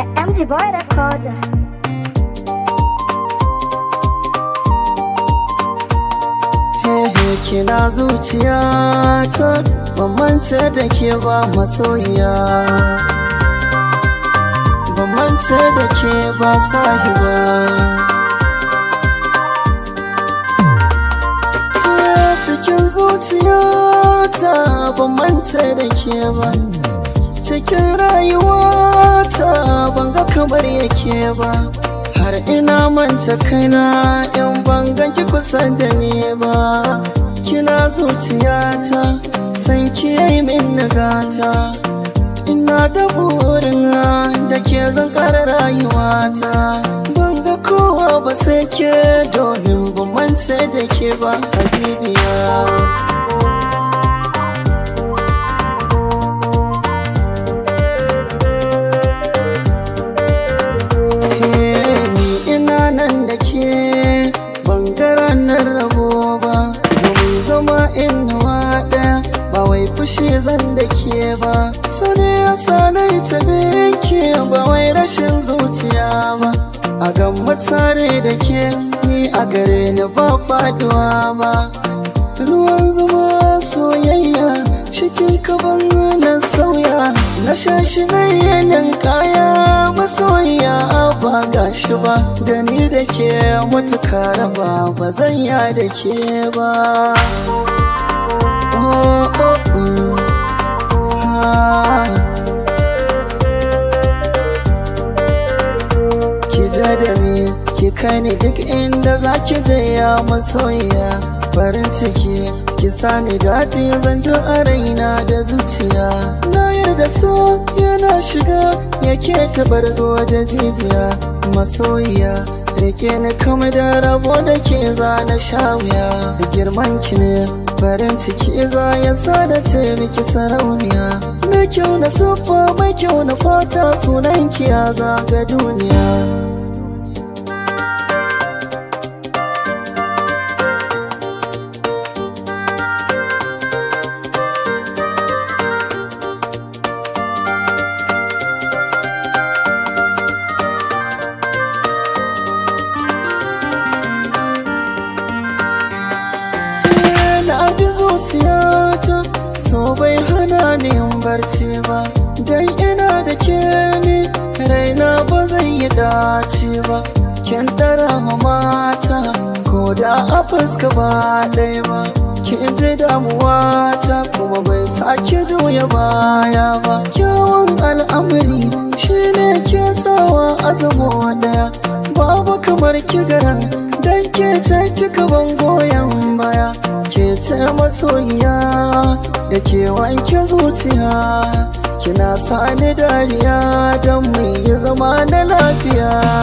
A MD Boy Recorder. Kina zuciya ta bambance da ke ba masoyiya Bambance da ke ba sahiba Cikin zuciya ta bambance da ke ba cikin rayuwata ban ga kamar yake ba har ina manta kaina in ban ki kusa da ni ba kina zuciyata san kiyaye min nagata ina da burin da ke zan kara rayuwata ban ga kowa ba sai ke domin ban sai da ke ba habibiya ranar rabo ba zama inuwa ɗaya ba wai fushi zan da ke ba so ne ya sanai ta ke ba wai rashin zuciya ba a gan tare da ke ni a gare ni ba faduwa ba ruwan zama soyayya cikin kaban nan na shashi na yanin kaya masoyiya ba ga shi ba da ni da ke matuka raba ba zan ya da ke ba oh, oh, mm. ki ki kai ni duk inda za ki je ya masoyiya farin ciki ki sani daɗi zan ji a raina da zuciya na yarda so yana shiga yake tabar da jijiya masoyiya rike ni kama da rabo da ke za na sha girman ki ne farin ciki za ya sa da ce miki sarauniya mai kyau na siffa mai kyau na fata sunan ki ya zaga duniya zuciyata so bai hana ni yin barci ba dan ina da ke raina ba zai yi dace ba kin tsara ma mata ko da a fuska ba ɗaya ba kin ji damuwa ta kuma bai sake juya baya ba kyawun al'amari shine ke sawa azumo daya babu kamar kigaran dan ke ta kika ban baya ke ce masoyiya da ke wanke zuciya kina sani dariya don mai yi zama na lafiya